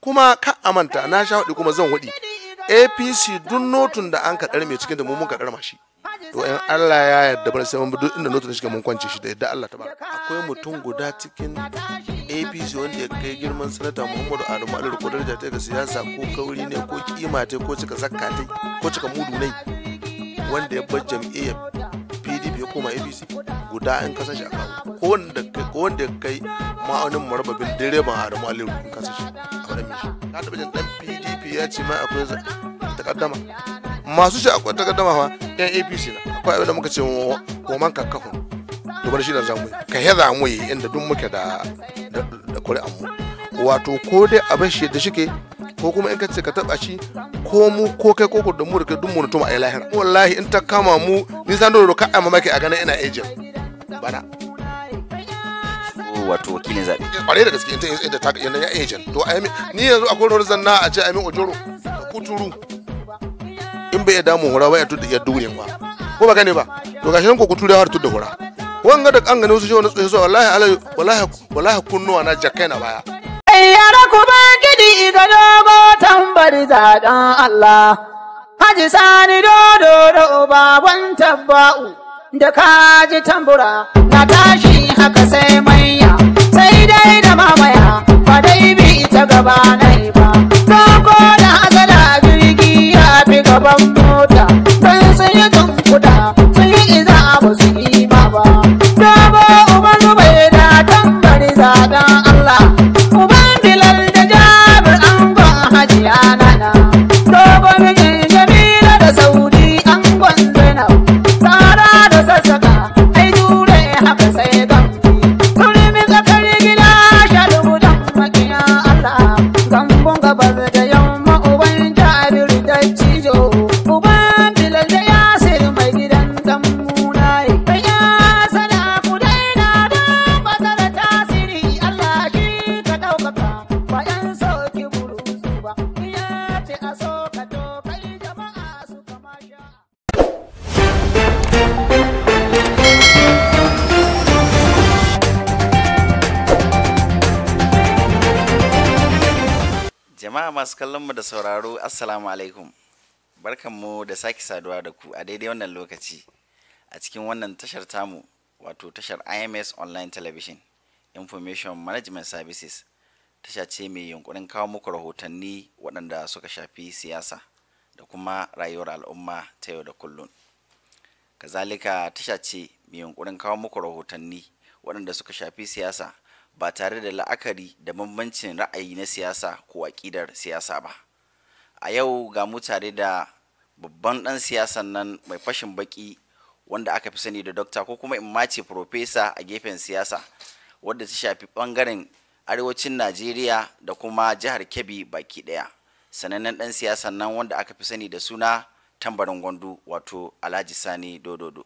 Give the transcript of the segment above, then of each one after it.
kuma ka amanta na sha hudu kuma zan hudu apc duk notun da an kaɗar mai cikin da mu mun kaɗar shi to in allah ya yarda bar sai mun duk inda notun shiga mun kwance shi da yadda allah ta ba akwai mutum guda cikin apc wanda ya kai girman sanata muhammadu adamu alir ko daraja ta ga siyasa ko kauri ne ko kima ta ko cika zakka ta ko cika mudu ne wanda ya bar jam'iyyar pdp ya koma apc guda in kasance a kawo ko wanda ya kai ma'aunin marababin direban adamu Aliyu in kasance. na taɓa jin ɗan pdp ya ce ma akwai takaddama masu shi akwai takaddama fa yan apc na akwai abin da muka ce koman kakkafin to shi da zamu ka he zamu yi inda duk muke da da mu wato ko dai abin shi da shike ko kuma in ka ce ka taɓa shi ko mu ko kai ko ku da mu da kai duk mu mutum a lahira wallahi in ta kama mu nisan san da ka mamaki a ganin ina ejin bana wato kine zaɓe. Ƙwarai da gaske inda ta yana ya agent to a ni yanzu akwai rawar zanna a ce a min ojoro da kuturu in bai ya damu hura wai ya dure ba ko ba gane ba to gashi nan ko kuturu ya tudda hura wanga da an gane wasu shi wani tsaye zuwa wallahi alai wallahi wallahi kunnuwa na jakai na baya. Yara kuma gidi ga dogo tambari zaɗan Allah. Haji sani dodo da uba wan tabba'u. da kaji tambura na tashi haka sai manya sai dai da mamaya ba dai bi ta gaba nai ba ko da azala jirgi ya fi gaban mota sai sun yi tunkuda sun Jama'a masu kallon mu da sauraro Assalamu alaikum. Barkanmu da sake saduwa da ku a daidai wannan lokaci a cikin wannan tashar tamu wato tashar IMS Online Television Information Management Services tasha ce mai yunkurin kawo muku rahotanni waɗanda suka shafi siyasa da kuma rayuwar al'umma ta yau da kullum. Kazalika tasha ce mai yunkurin kawo muku rahotanni waɗanda suka shafi siyasa ba tare da la'akari da bambancin ra'ayi na siyasa ko aƙidar siyasa ba a yau ga mu tare da babban ɗan siyasan nan mai fashin baki wanda aka fi sani da dokta ko kuma in mace profesa a gefen siyasa wadda ta shafi ɓangaren arewacin najeriya da kuma jihar kebbi baki ɗaya sanannen ɗan siyasan nan wanda aka fi sani da suna tambarin gwandu wato alhaji sani dododo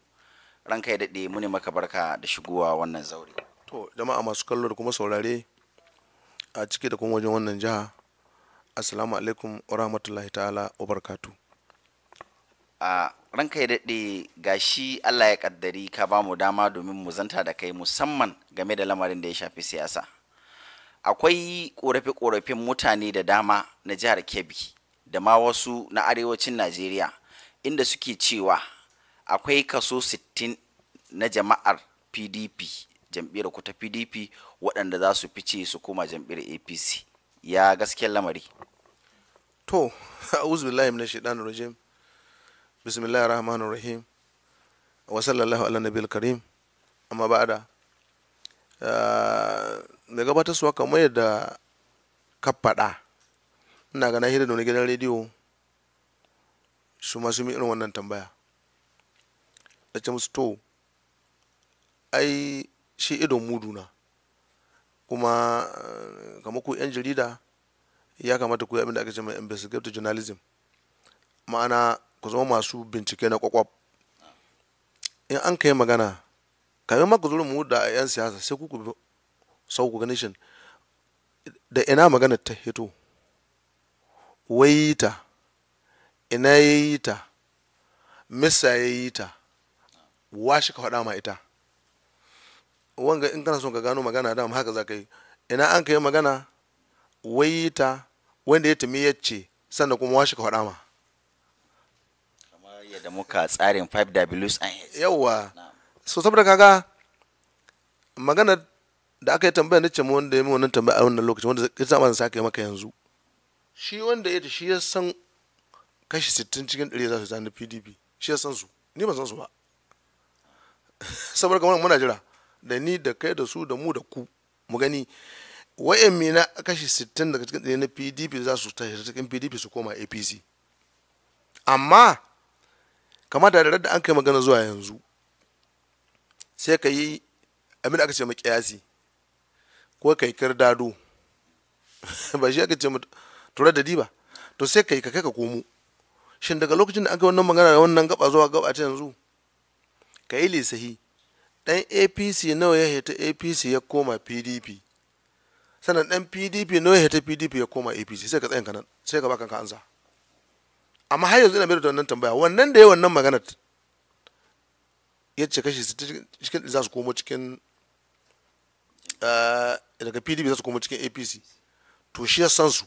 ranka ya daɗe muni maka barka da shigowa wannan zaure to jama'a masu kallo da kuma saurare a ciki da kuma wajen wannan jiha assalamu alaikum wa rahmatullahi ta'ala wa barkatu a ranka ya daɗe gashi allah ya kaddari ka ba mu dama domin mu zanta da kai musamman game da lamarin da ya shafi siyasa akwai ƙorafe-ƙorafen mutane da dama na jihar kebbi da ma wasu na arewacin najeriya inda suke cewa akwai kaso 60 na jama'ar pdp jam'iyyar ku ta pdp waɗanda za su fice su koma jam'iyyar apc ya gaskiyar lamari to a'udhu billahi minash shaitanir rajim bismillahir rahmanir rahim wa sallallahu ala nabiyil karim amma ba'da da ah, gabatarwa kamar yadda ka faɗa ina ga nahiyar da wani gidan rediyo su masu mi irin wannan tambaya da ce musu to ai shi idon muduna kuma eh, kamar ku 'yan jarida ya kamata ku yi abin da aka ce mai investigative journalism ma'ana ku zama masu bincike na kwakwab in an kai magana kamar ma ku mu da 'yan siyasa sai ku sau ku ganishin da ina magana ta hito wai ta ina ya ta misa ya yi ta wa ka faɗa ma ita wanga in kana son ka gano magana da haka za ka yi ina an ka yi magana wai ta wanda ya tumi ya ce sannan kuma washe ka faɗa ma da muka tsarin 5Ws yauwa so saboda kaga magana da aka yi tambaya na cemo wanda ya yi wannan tambaya a wannan lokacin wanda ya zama da sake maka yanzu shi wanda ya shi ya san kashi 60 cikin 100 za su zana PDP shi ya san su ni ban san su ba saboda kamar muna jira da ni da kai da su da mu da ku mu gani wa'yan na kashi 60 daga cikin ɗaya na pdp za su tashi cikin pdp su koma apc amma kamar da da an kai magana zuwa yanzu sai ka yi abin aka ce makiyasi ko ka yi kirdado ba shi aka ce tura da diba to sai ka yi ka kai ka komo shin daga lokacin da aka kai wannan magana da wannan gaba zuwa gaba ta yanzu ka yi lissahi ɗan apc nawa ya hita apc ya koma pdp sannan ɗan pdp nawa ya hita pdp ya koma apc sai ka tsayin kanan sai ka baka ansa amma har yanzu ina mai da wannan tambaya wannan da ya wannan maganar ya ce su cikin za su komo cikin eh, daga pdp za su komo cikin apc to shi ya san su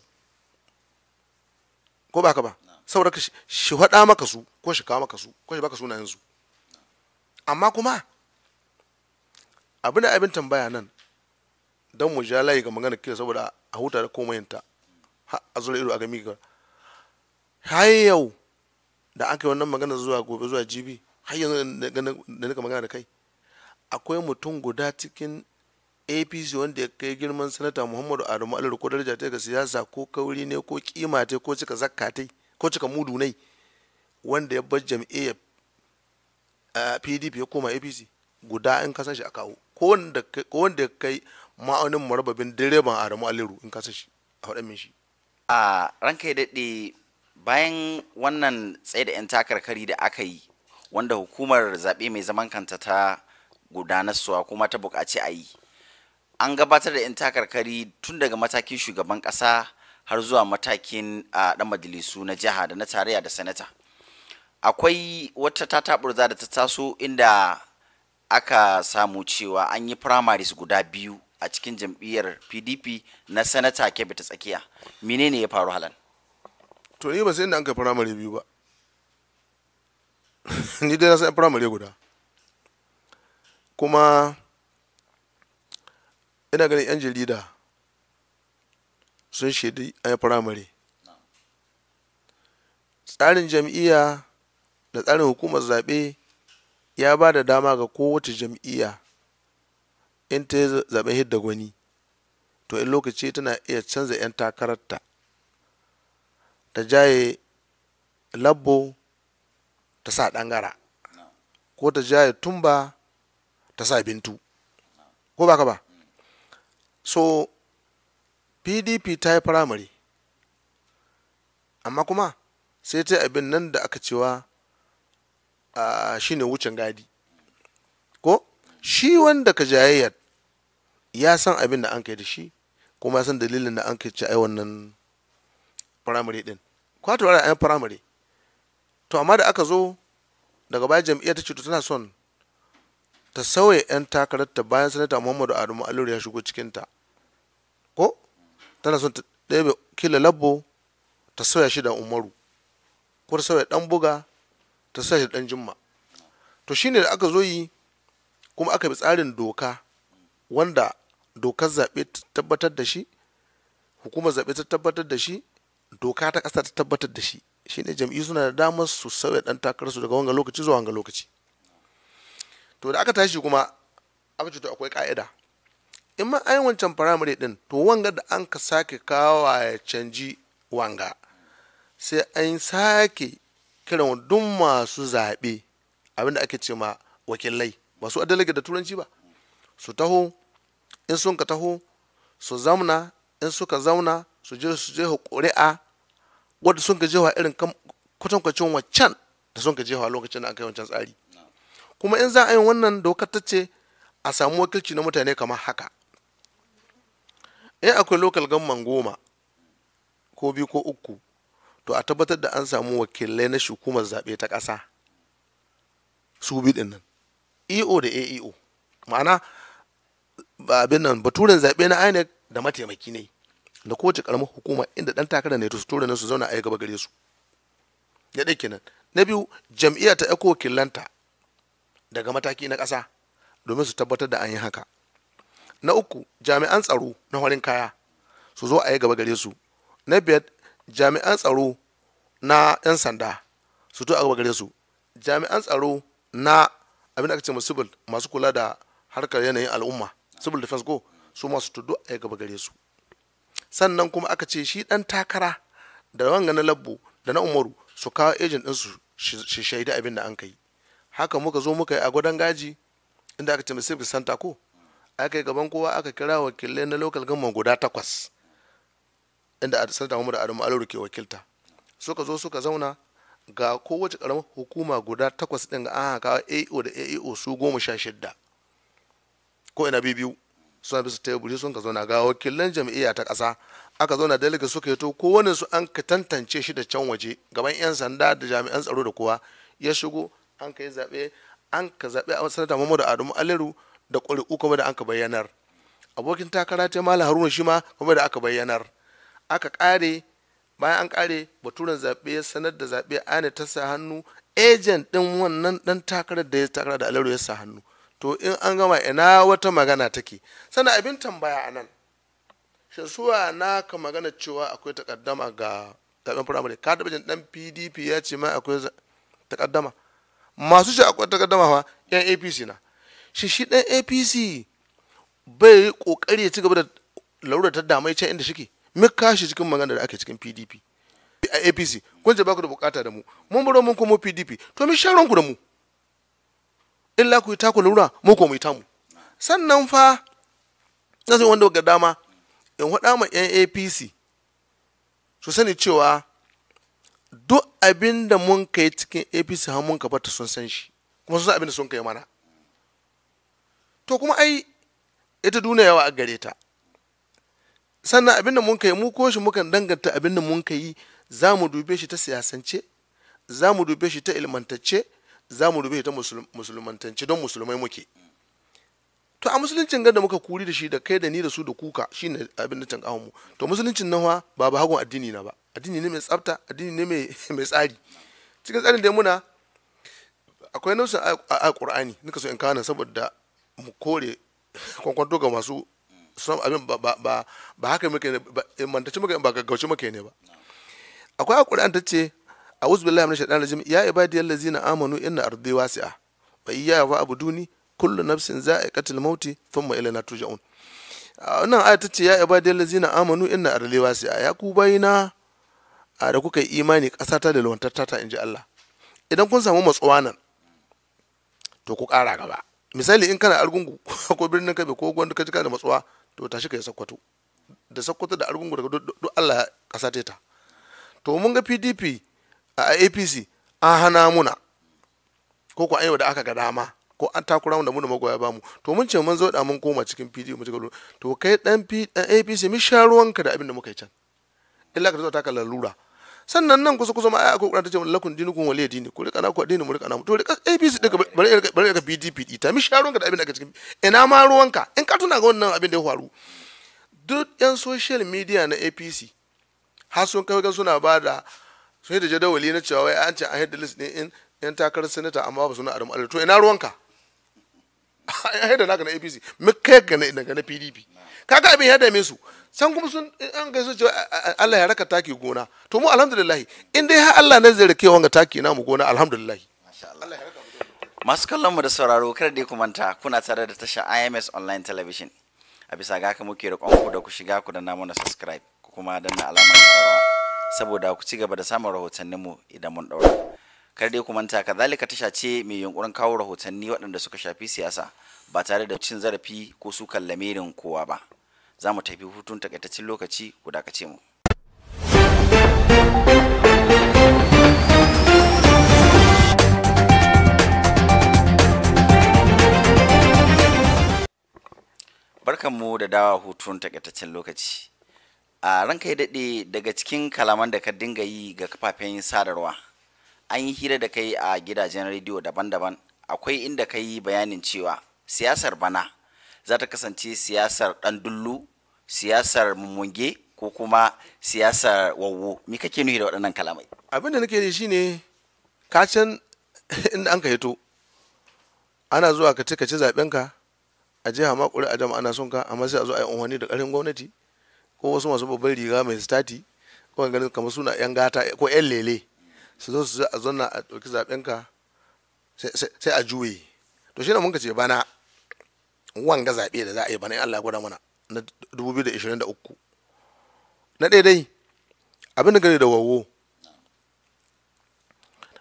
ko ba ka ba saboda shi faɗa maka su ko shi kawo maka su ko shi baka sunayen su amma kuma abin da abin tambaya nan don mu ja layi ga magana kira saboda a huta da ta a zura ido a gami ga har yau da aka yi wannan magana zuwa gobe zuwa jibi har yanzu da nika magana da kai akwai mutum guda cikin apc wanda ya kai girman sanata muhammadu adamu alar ko daraja ta ga siyasa ko kauri ne ko kima ta ko cika zakka ta ko cika mudu ne wanda ya bar jam'iyyar pdp eh, ya koma apc guda in kasan shi a kawo ko wanda kai ma'aunin marababin direban adamu aliru in kasa shi a faɗa min shi a ranka ya daɗe bayan wannan tsaye da 'yan takarkari da aka yi wanda hukumar zaɓe mai zaman kanta ta gudanarsuwa kuma ta buƙaci a yi an gabatar da 'yan takarkari tun daga matakin shugaban ƙasa har zuwa matakin a ɗan majalisu na jiha da na tarayya da sanata akwai wata tataɓurza da ta taso inda aka samu cewa an yi primaries guda biyu a cikin jam'iyyar pdp na sanata Kebita ta tsakiya menene ya faru halan to ni ba sai inda an kai firamare biyu ba ni dai na san firamare guda kuma ina ganin yan jarida sun shaidi a yi firamare tsarin jam'iyya da tsarin hukumar zaɓe ya ba da dama ga kowace jam'iyya in ta zaɓe hidda gwani to in lokaci tana iya canza 'yan takararta ta jaye labbo ta sa ɗangara ko ta jaye tumba ta sa bintu ko ba ka ba so pdp ta yi firamare amma kuma sai ta abin nan da aka cewa shi ne wucin gadi ko shi wanda ka jayayyar ya san abin da an kai da shi kuma ya san dalilin da an kai ci ai wannan firamare din kwato ana ai firamare to amma da aka zo daga baya jam'iyyar ta ce to tana son ta sauya 'yan ta bayan sanata muhammadu adamu allura ya shigo cikinta ko tana son ta ɗebe kila labbo ta sauya shi da umaru ko ta sauya ɗan buga ta sai dan jimma to shine da aka zo yi kuma aka bi tsarin doka wanda dokar zaɓe ta tabbatar da shi hukumar zaɓe ta tabbatar da shi doka ta ƙasa ta tabbatar da shi shine jam'iyyu suna da damar su sauya ɗan takararsu daga wanga lokaci zuwa wanga lokaci to da aka tashi kuma aka ce to akwai ka'ida in ma ayin wancan firamare ɗin to wanga da an ka sake kawo ya canji wanga sai an sake kiran duk masu zaɓe abinda ake ce ma wakilai ba su adalaga da turanci ba su taho in sun ka taho su zauna in suka zauna su je su je ƙuri'a wadda sun ka jewa irin kwatankwacin waccan da sun ka jewa lokacin da aka yi wancan tsari kuma in za a yi wannan dokar ta ce a samu wakilci na mutane kamar haka in akwai lokal gamman goma ko biyu ko uku to a tabbatar da an samu wakilai na hukumar zaɓe ta ƙasa su bi nan eo da aeo ma'ana ba abin nan baturen zaɓe na inec da mataimaki ne da kowace ƙaramin hukuma inda ɗan takarar ne to su tura su zauna a yi gaba gare su ya nan na biyu jam'iyyar ta ɗauko wakilanta daga mataki na ƙasa domin su tabbatar da an yi haka na uku jami'an tsaro na warin kaya su zo a yi gaba gare su na biyar jami'an tsaro na 'yan sanda su to a gare su jami'an tsaro na abin da aka ce ma civil masu kula da harkar yanayin al'umma civil defense ko su masu tudu a gaba gare su sannan kuma aka ce shi dan takara da wanga na labbo da na umaru su kawo ejin ɗinsu shi shaida abin da an kai haka muka zo muka yi a gwadon gaji inda aka ce ma civil center ko aka yi gaban kowa aka kira wakilai na local government guda takwas inda a sarda Muhammadu Adamu alauru ke wakilta suka zo suka zauna ga kowace karamar hukuma guda takwas din an kawo e AO da AEO su goma sha shidda ko ina biyu suna bisa teburi sun ka zauna ga wakilan jam'iyya ta kasa aka zauna delegate suka yato kowane su an ka tantance shi da can waje gaban 'yan sanda da jami'an tsaro da kowa ya shigo an ka yi zaɓe an ka zaɓe a sanata Muhammadu Adamu Aliru da ƙuri'u kuma da an ka bayyanar abokin takara ta Malam Haruna shi ma kuma da aka bayyanar aka kare bayan an kare baturen zaɓe ya sanar da zaɓe ana ta sa hannu ejen ɗin wannan ɗan takarar da ya takara da alaro ya sa hannu to in an gama ina wata magana take sannan abin tambaya a nan shasuwa na ka magana cewa akwai takaddama ga zaɓen firamare ka taɓa jin ɗan pdp ya ce ma akwai takaddama masu shi akwai takaddama fa yan apc na shi shi ɗan apc bai kokari ya ci gaba da laura ta damai can inda shike mu kashi cikin magana da ake cikin pdp a apc kun ce ba da bukata da mu mun buro mun komo pdp to mun sharon ku da mu illa ku yi ku lura mu ko mu yi tamu sannan fa na sai wanda ga dama in faɗa ma yan apc su sani cewa duk abin da mun kai cikin apc har mun kafa ta sun san shi kuma sun san abin da sun kai mana to kuma ai ita duniya yawa a gare ta sannan abin da mun kai mu ko shi mukan danganta abin da mun kai za mu dube shi ta siyasance za mu dube shi ta ilmantacce za mu dube shi ta musulmantance don musulmai muke to a musuluncin da muka kuri da shi da kai da ni da su da kuka shine abin da can mu to musuluncin nawa ba ba hagun addini na ba addini ne mai tsafta addini ne mai tsari cikin tsarin da muna akwai nausin a qur'ani nika so in kana saboda mu kore kwankwanto ga masu san abin ba ba haka muke ne mantace muke ba gaggauce muke ne ba akwai ƙuri'an ta ce a'udhu billahi minash shaɗan rajim ya yalla zina amanu inna ardi wasi'a wa iyya abu duni kullu nafsin za'iqatul mauti tun ilana ilayna a wannan aya ta ce ya yalla zina amanu inna ardi wasi'a ya ku bayina da kuka yi imani ta da lawantarta ta in ji Allah idan kun samu matsuwa nan to ku ƙara gaba misali in kana argungu ko birnin kabe ko gwanda ka jika da matsuwa to shi ka yi sakwato da sakwato da argungu daga duk allah kasa ta to mun ga pdp a apc an hana muna ko ko an yi da aka ga dama ko an takura da mu da magoya bamu to mun ce mun zo da mun koma cikin pdp mu cika to kai dan apc mi sha ruwanka da abin da muka yi can illa ka zo ta kallon lura sannan nan kusa kusa ma ai akwai ta ce lakum dinukum waliy dini ku rika na ku addini mu rika na mu to rika APC daga bari bari ka PDP ita mi sharon ka da abin da ka cikin ina ma ruwanka in ka tuna ga wannan abin da ya faru duk yan social media na APC har sun kai suna ba da sun da jadawali na cewa wai an ce an hidda list ne in yan takarar senator amma ba su na adamu to ina ruwanka an haida naka na apc muka ga na pdp kaga abin ya dame su san kuma sun an gaisu cewa Allah ya raka taki gona to mu alhamdulillah in dai har Allah ne zai rake wanga taki namu gona alhamdulillah masu kallon mu da sauraro kar dai ku manta kuna tare da tasha IMS online television a bisa ga ka muke roƙon ku da ku shiga ku danna mana subscribe ku kuma danna alamar rawa saboda ku ci gaba da samun rahotannin mu idan mun daura kar dai ku manta kazalika tasha ce mai yunkurin kawo rahotanni waɗanda suka shafi siyasa ba tare da cin zarafi ko su kallame kowa ba za mu tafi hutun takaitaccen lokaci guda kace mu. Barkanmu da dawa hutun takaitaccen lokaci. A ranka ya daɗe daga cikin kalaman da ka dinga yi ga kafafen sadarwa, an yi hira da kai a gidajen rediyo daban-daban, akwai inda ka yi bayanin cewa siyasar bana za ta kasance siyasar ɗan dullu siyasar mumunge ko kuma siyasar wawo me kake nuhi da waɗannan kalamai abin da nake shi ne kacan inda an ka hito ana zuwa ka ci ka ci a jiha ma ƙuri a jama'a ana son ka amma sai a zo a yi unhwani da ƙarin gwamnati ko wasu masu babban riga mai stati ko ganin kamar suna yan gata ko yan lele su zo su a zonna a ɗauki zaben sai a juye to shi na mun ka ce bana wanga zaɓe da za a yi bana in Allah gwada mana na 2023 na ɗaya dai abin da gari da wawo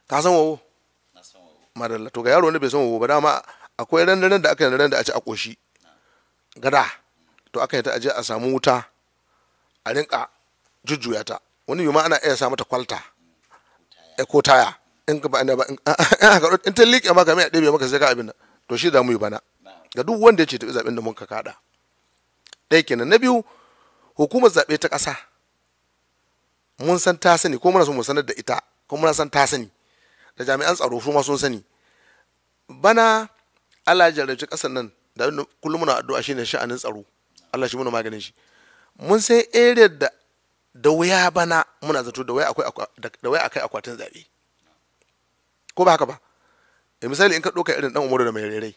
ka san wawo madalla to ga yaro wanda bai san wawo ba dama akwai ran da aka yi ran da a ci a ƙoshi gada to aka yi ta aje a samu wuta a rinka jujjuya ta wani bi ma ana iya sa ta kwalta ko taya in ka ba in ba in ta liƙe maka mai a ɗebe maka sai ka abin nan to shi da mu yi bana ga duk wanda ya ce tafi zaben da muka kaɗa ɗaya kenan na biyu hukumar zaɓe ta ƙasa mun san ta sani ko muna so mu sanar da ita ko muna san ta sani da jami'an tsaro su ma sun sani bana Allah ya jarabci ƙasar nan da kullum muna addu'a shine sha'anin tsaro Allah shi muna maganin shi mun san area da da waya bana muna zato da waya akwai da waya akai akwatin zabe ko ba haka ba eh, misali in ka ɗauka irin dan umaru da mai rairai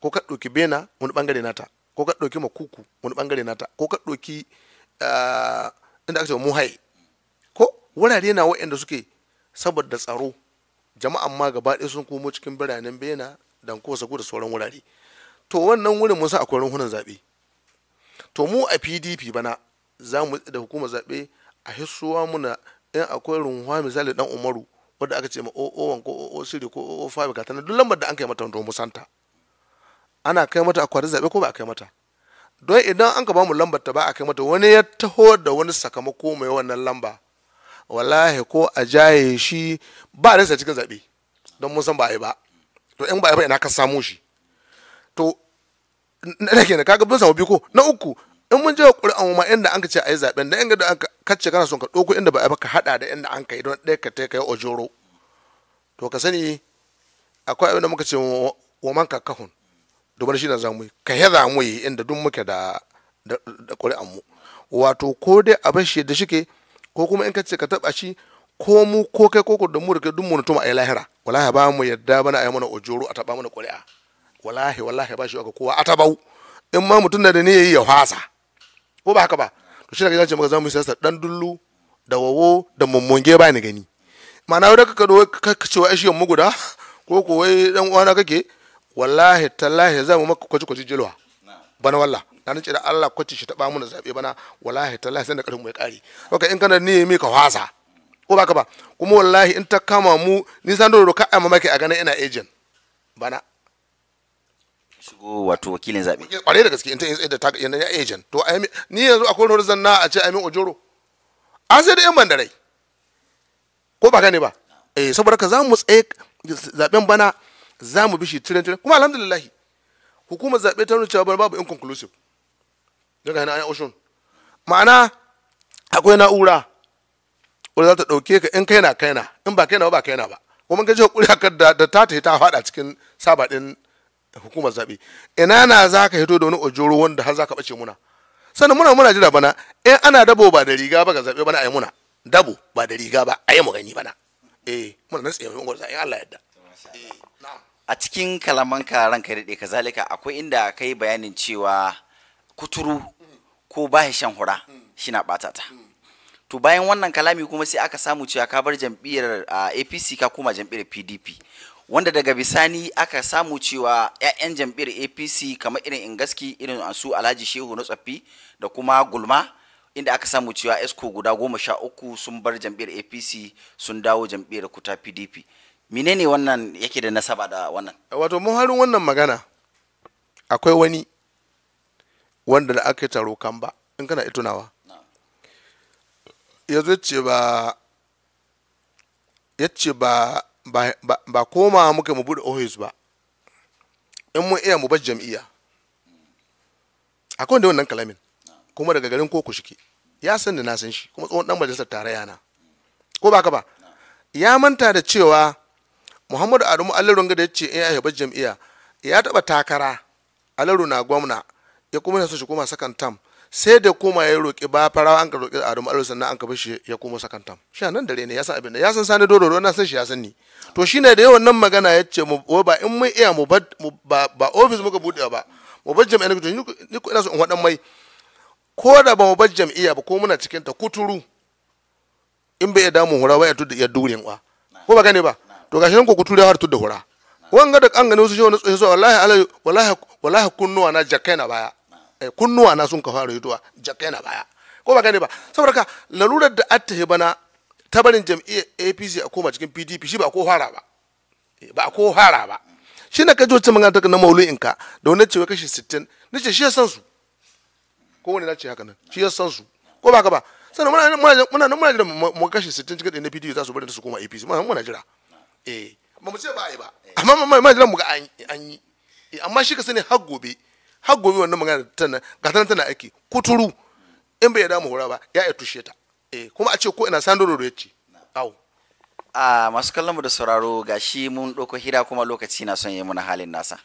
ko ka ɗauki bena wani ɓangare nata ko ka ɗauki makuku wani ɓangare nata ko ka ɗauki ah, inda aka ce muhai ko wurare na waɗanda suke saboda tsaro jama'an ma gaba ɗaya sun komo cikin biranen bena dan ko sago da sauran wurare to wannan wurin mun sa akwai runhunan zaɓe to mu a pdp bana za mu da hukumar zaɓe a hissuwa muna in akwai runhuwa misali dan umaru wadda aka ce ma 001 ko ko 005 ka tana duk lambar da an kai mata don musanta ana kai mata akwatin zaɓe ko ba a kai mata don idan an ka bamu lambar ta ba a kai mata wani ya taho da wani sakamako mai wannan lamba wallahi ko a jaye shi ba da cikin zaɓe don mun san ba a yi ba to in ba a yi ba ina ka samu shi to na kenan kaga mun samu biko na uku in mun je ƙuri'an ma inda an ka ce a yi zaɓen da inda an ka ce kana son ka ɗauko inda ba a yi ba ka haɗa da inda an ka yi don ɗaya ka ta kai ojoro to ka sani akwai abin da muka ce wa man kakahun domin shi za mu yi ka za mu yi inda duk muke da da ƙuri'an mu wato ko dai abin shi da shike ko kuma in ka ce ka taba shi ko mu ko kai ko da mu da duk mu mutum a yi lahira wallahi ba mu yadda bana ayi mana ojoro a taba mana ƙuri'a wallahi wallahi ba shi ga kowa a tabau in ma mutum da ne yayi ya fasa ko ba haka ba to shi ka ce za mu yi siyasa dan dullu da wawo da mummunge ba ni gani ma'ana wadda ka kaɗo ka cewa ashiyan mu guda ko ko wai dan uwana kake wallahi tallahi zan maka kwaci kwaci jilwa bana walla na nace da Allah kwaci shi taba mun zabe bana wallahi tallahi sai da karin mu ya kare in kana ni mai ka hwasa ko baka ba kuma wallahi in ta kama mu ni san doro ka amma maki a ganin ina agent bana shigo wato wakilin zabe kware da gaske in ta da ta yana agent to ni yanzu akwai wani zanna a ce ai min ojoro an sai da yan bandarai ko ba gane ba eh saboda ka za mu tsaye zaben bana za mu bi shi tirin tirin kuma alhamdulillah hukumar zaɓe ta nuna cewa babu inconclusive daga hana ayan ocean ma'ana akwai na'ura wadda za ta ɗauke ka in kaina kaina in ba kaina ba ba kaina ba kuma ka ji hakuri haka da ta ta ta faɗa cikin saba ɗin hukumar zaɓe ina na za ka hito da wani ojoro wanda har za ka ɓace muna sannan muna muna jira bana in ana dabo ba da riga ba ga zaɓe bana a yi muna dabo ba da riga ba a yi mu gani bana eh muna nan tsaye mun gwarza in Allah yadda eh na'am a cikin kalaman ka ranka daɗe kazalika akwai inda ka yi bayanin cewa kuturu ko ba shan hura shi na ɓata to bayan wannan kalami kuma sai aka samu cewa ka bar jam'iyyar apc ka koma jam'iyyar pdp wanda daga bisani aka samu cewa 'ya'yan jam'iyyar apc kamar irin ingaski irin su alhaji shehu na tsaffi da kuma gulma inda aka samu cewa esco guda goma sha uku sun bar jam'iyyar apc sun dawo jam'iyyar kuta pdp menene wannan yake da nasaba da wannan wato mun harin wannan magana akwai wani wanda da aka taro kan ba in kana itunawa ya zo ce ba ya ce ba ba koma muka mu bude ofis ba in mun iya mu bar jam'iyya akwai wanda wannan kalamin kuma daga garin koko shike ya san da na san shi kuma tsohon dan majalisar tarayya na ko ba ka ba ya manta da cewa muhammadu adamu allaro ga da ya ce in ya haifar jam'iyya ya taɓa takara alaru na gwamna ya kuma yana so shi koma sakan tam sai da koma ya roƙi ba farawa an ka roƙi adamu alaru sannan an ka shi ya kuma sakan tam shi nan dare ne ya san abin da ya san sani doro na san shi ya san ni to shi ne da yawan nan magana ya ce ba in mun iya mu ba ofis muka buɗe ba mu bar jam'iyya ni ku ina so in waɗan mai ko da ba mu bar jam'iyya ba ko muna cikin ta kuturu in bai damu hura waya ya durin kwa ko ba gane ba to gashi nan ko ku ture har tudda hura wanga da an gane wasu shi wani tsoye wallahi alai wallahi wallahi kunnuwa na jakai na baya eh kunnuwa na sun ka fara hituwa jakai na baya ko ba gane ba saboda ka lalurar da attahe bana ta barin jami'a APC a koma cikin PDP shi ba ko fara ba eh, ba ko fara ba shi na kaji wacce magana ta na in ka da wani cewa kashi 60 nace shi ya san su ko wani nace ce haka nan shi ya san su ko ba ka ba sannan muna muna muna muna jira mu kashi 60 cikin da na PDP za su bari su koma APC muna jira eh ba mu ce ba a yi ba eh. amma mai mai mu ga an yi eh, amma shi ka sani har gobe har gobe wannan magana tana ga tana tana aiki kuturu in bai damu hura ba ya ya tushe ta eh kuma a ce ko ina sandoro da yace au a ah, masu kallon mu da sauraro gashi mun ɗauko hira kuma lokaci na son yi muna halin nasa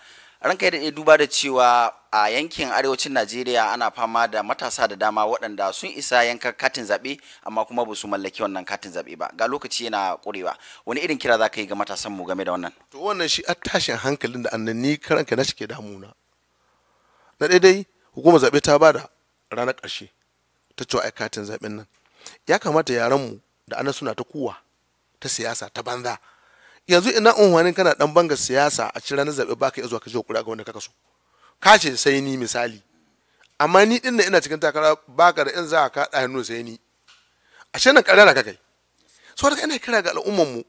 ranka da duba da cewa a yankin arewacin najeriya ana fama da matasa da dama waɗanda sun isa yanka katin zaɓe amma kuma ba su mallaki wannan katin zaɓe ba ga lokaci yana ƙurewa wani irin kira za ka yi ga matasan mu game da wannan to wannan shi a tashin hankalin da annan ni karanka na shike damuna na daidai hukumar zaɓe ta bada ranar ƙarshe ta cewa ai katin zaɓen nan ya kamata yaran mu da ana suna ta kuwa ta siyasa ta banza yanzu ina unhwanin kana dan banga siyasa a cira na zabe baka iya zuwa ka je kura ga wanda kaka so ka sai ni misali amma ni din ina cikin takara baka da in za ka da hannu sai ni a shi karara ka kai so da ina kira ga al'umman mu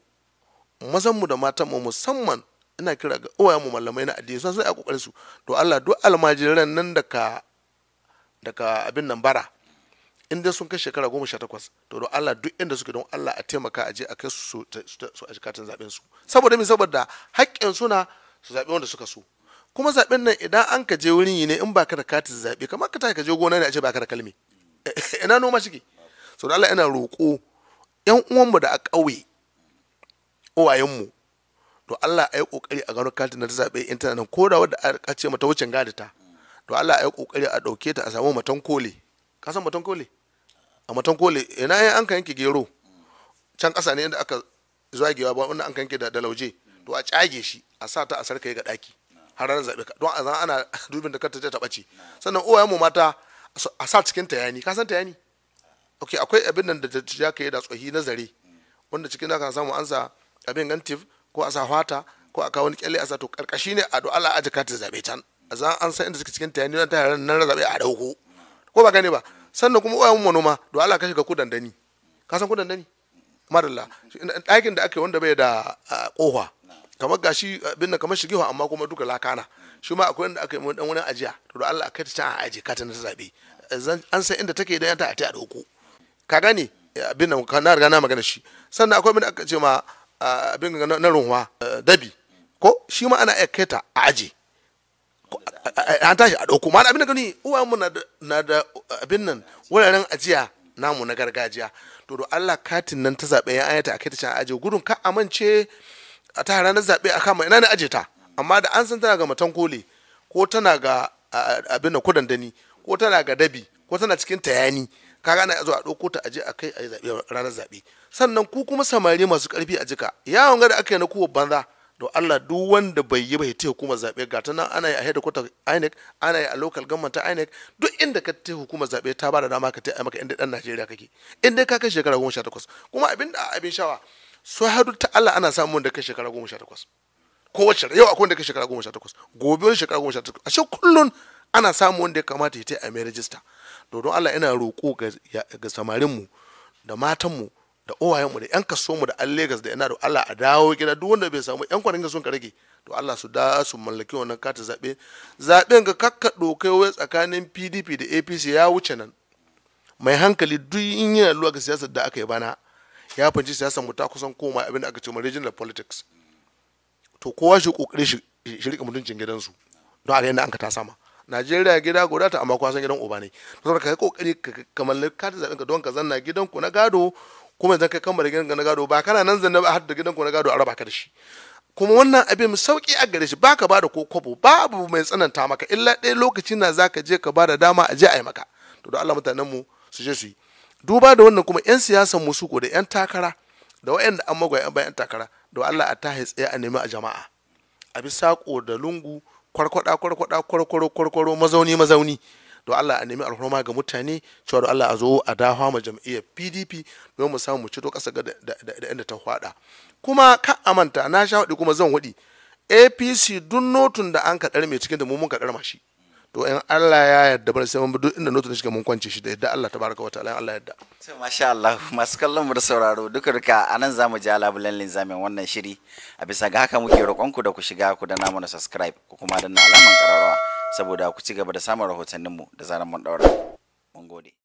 mazan mu da matan mu musamman ina kira ga uwayen mu mallamai na addini sun sai a kokarin su to Allah duk almajiran nan da daga abin nan bara in dai sun kai shekara goma sha takwas to don Allah duk inda suke don Allah a taimaka a je a kai su su a jikatan zaɓen su saboda mi saboda haƙƙin suna su zaɓi wanda suka so kuma zaɓen nan idan an ka je wurin yi ne in baka da katin zaɓe kamar ka tafi ka je gona ne a ce baka da kalmi ina noma shi so da Allah ina roƙo yan uwanmu da a ƙauye uwayenmu to Allah ayi ƙoƙari a gano katin da zaɓe intanet nan ko da wadda a ce mata wucin gadi ta to Allah ayi ƙoƙari a ɗauke ta a samu matan kole ka san matan kole a matan kole ina yan an ka yanke gero can ƙasa ne inda aka zagewa ba wanda an ka yanke da lauje to a cage shi a sa ta a sarka ga daki har zabe ka don a zan ana dubin da karta ta ɓace sannan mu mata a sa cikin tayani ka san tayani ok akwai abin nan da ta ka yi da tsohi na zare wanda cikin da ka samu an sa abin gantif ko a sa fata ko a kawo wani kyalle a sa to karkashi ne a do'ala a jikata zaɓe can a zan an san inda suke cikin tayani nan ta ran nan zaɓe a dauko ko ba gane ba sannan kuma uwayen manoma don Allah ka shiga kudan dani ka san kudan dani madalla ɗakin da aka yi wanda bai da kohwa, kamar gashi bin da kamar shigewa amma kuma duka lakana shi ma akwai inda aka yi dan wani ajiya to don Allah kai ta can a aje ka ta na zabe an san inda take idan ta a ta dauko ka gane bin nan na riga na magana shi sannan akwai abin da aka ce ma abin na runwa dabi ko shi ma ana iya a aje an tashi a ɗauko ma abin da gani uwayenmu na da abin nan wuraren ajiya namu na gargajiya to do Allah katin nan ta zaɓe ya ayata a kai ta can aje gudun ka amince a ta ranar zaɓe a kama ina ne aje ta amma da an san tana ga matan kole ko tana ga abin da kudan dani ko tana ga dabi ko tana cikin tayani kaga ana zo a ɗauko ta aje a kai a ranar zaɓe sannan ku kuma samari masu ƙarfi a jika yawon ga da aka yi na kuwa banza don Allah duk wanda bai yi bai ta hukumar zaɓe ga ta nan ana yi a quarter INEC ana yi a local government ta INEC duk inda ka ta hukumar zaɓe ta ba da dama ka ta maka inda dan Najeriya kake in dai ka kai shekara goma sha takwas kuma abin da abin shawa so hadu ta Allah ana samun da kai shekara goma sha takwas kowace yau akwai wanda kai shekara goma sha takwas gobe wani shekara goma sha takwas ashe kullun ana samun wanda ya kamata ya ta a mai rajista don Allah ina roƙo ga samarinmu da matanmu da uwayenmu da yan kaso mu da an Legas da yana da Allah a dawo gida duk wanda bai samu yan kwanin sun ka rage to Allah su da su mallaki wannan kata zaɓe zaɓen ga kakka dokai wai tsakanin PDP da APC ya wuce nan mai hankali duk in yana luwa ga siyasar da aka yi bana ya fanci siyasar mu ta kusan koma abin da aka ce regional politics to kowa shi kokari shi rika mutuncin gidansu don a ga yadda an ka ta sama Najeriya gida guda ta amma kuwa san gidan uba ne to ka kai kokari ka mallaki kata zaɓen ka don ka zanna gidanku na gado kuma idan kai kammala gidan na gado ba kana nan zanna ba har da ku na gado a raba ka da shi kuma wannan abin sauki a gare shi baka bada da ko kwabo babu mai tsananta maka illa ɗaya lokaci na zaka je ka bada dama a je a yi maka to da Allah mutanen mu su je su yi duba da wannan kuma yan siyasan mu ko da yan takara da wayanda an magoya bayan takara da Allah a tahi tsaye a nemi a jama'a a bi sako da lungu kwarkwada kwarkwada kwarkwaro kwarkwaro mazauni mazauni don Allah a nemi alhurma ga mutane cewa don Allah a zo a dawo ma jam'iyyar PDP don mu samu mu cito ƙasa da inda ta hwada kuma ka amanta na sha kuma zan hudi APC duk notun da an kaɗar mai cikin da mu mun kaɗar shi to in Allah ya yarda bar sai mun bi duk inda notun shiga mun kwance shi da yadda Allah tabaraka wa ta'ala Allah yarda sai masha Allah masu kallon mu da sauraro duka duka anan zamu ji alabulan linzamin wannan shiri a bisa ga haka muke roƙon ku da ku shiga ku namu na subscribe ku kuma danna alaman ƙararrawa saboda ku ci gaba da samun rahotanninmu da zarar mun daura. Mun gode.